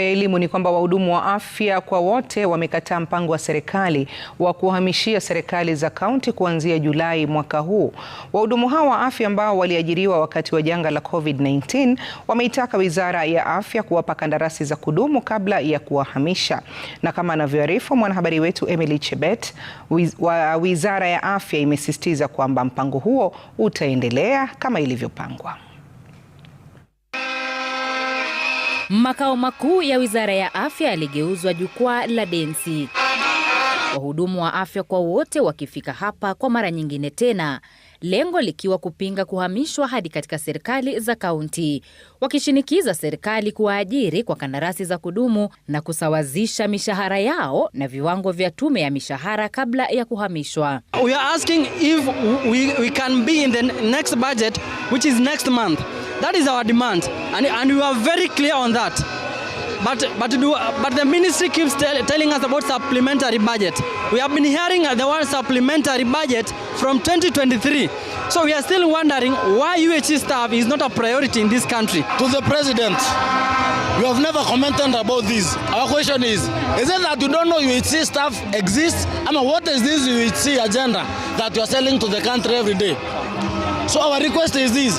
ya elimu ni kwamba wahudumu wa afya kwa wote wamekataa mpango wa serikali wa kuhamishia serikali za kaunti kuanzia Julai mwaka huu. Wahudumu hao wa afya ambao waliajiriwa wakati wa janga la COVID-19 wameitaka Wizara ya Afya kuwapa kandarasi za kudumu kabla ya kuwahamisha. Na kama anavyoarifu mwanahabari wetu Emily Chebet, Wizara ya Afya imesisitiza kwamba mpango huo utaendelea kama ilivyopangwa. Makao makuu ya wizara ya afya yaligeuzwa jukwaa la densi, wahudumu wa afya kwa wote wakifika hapa kwa mara nyingine tena, lengo likiwa kupinga kuhamishwa hadi katika serikali za kaunti, wakishinikiza serikali kuwaajiri kwa kandarasi za kudumu na kusawazisha mishahara yao na viwango vya tume ya mishahara kabla ya kuhamishwa. We are asking if we, we can be in the next budget which is next month. That is our demand, and, and we are very clear on that. But, but, do, but the ministry keeps tell, telling us about supplementary budget. We have been hearing the word supplementary budget from 2023. So we are still wondering why UHC staff is not a priority in this country. To the president, we have never commented about this. Our question is, is it that you don't know UHC staff exists? I mean, what is this UHC agenda that you are selling to the country every day? So our request is this,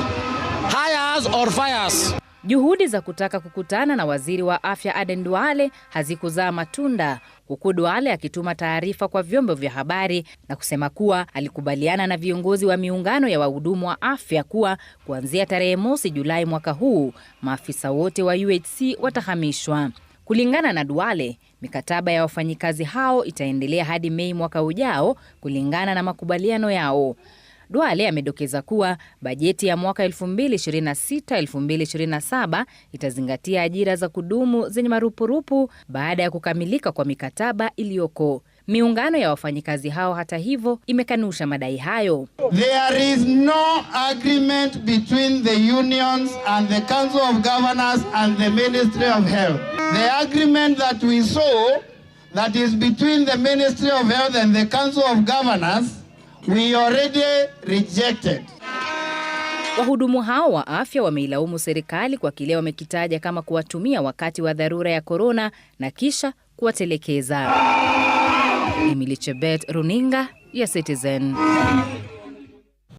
hires or fires. Juhudi za kutaka kukutana na waziri wa afya Aden Duale hazikuzaa matunda, huku Duale akituma taarifa kwa vyombo vya habari na kusema kuwa alikubaliana na viongozi wa miungano ya wahudumu wa afya kuwa kuanzia tarehe mosi Julai mwaka huu maafisa wote wa UHC watahamishwa. Kulingana na Duale, mikataba ya wafanyikazi hao itaendelea hadi Mei mwaka ujao kulingana na makubaliano yao. Duale amedokeza kuwa bajeti ya mwaka 2026-2027 itazingatia ajira za kudumu zenye marupurupu baada ya kukamilika kwa mikataba iliyoko. Miungano ya wafanyikazi hao hata hivyo imekanusha madai hayo. There is no agreement between the unions and the Council of Governors and the Ministry of Health. The agreement that we saw that is between the Ministry of Health and the Council of Governors We already rejected. Wahudumu hao wa afya wameilaumu serikali kwa kile wamekitaja kama kuwatumia wakati wa dharura ya korona na kisha kuwatelekeza. Emily Chebet, Runinga ya Citizen.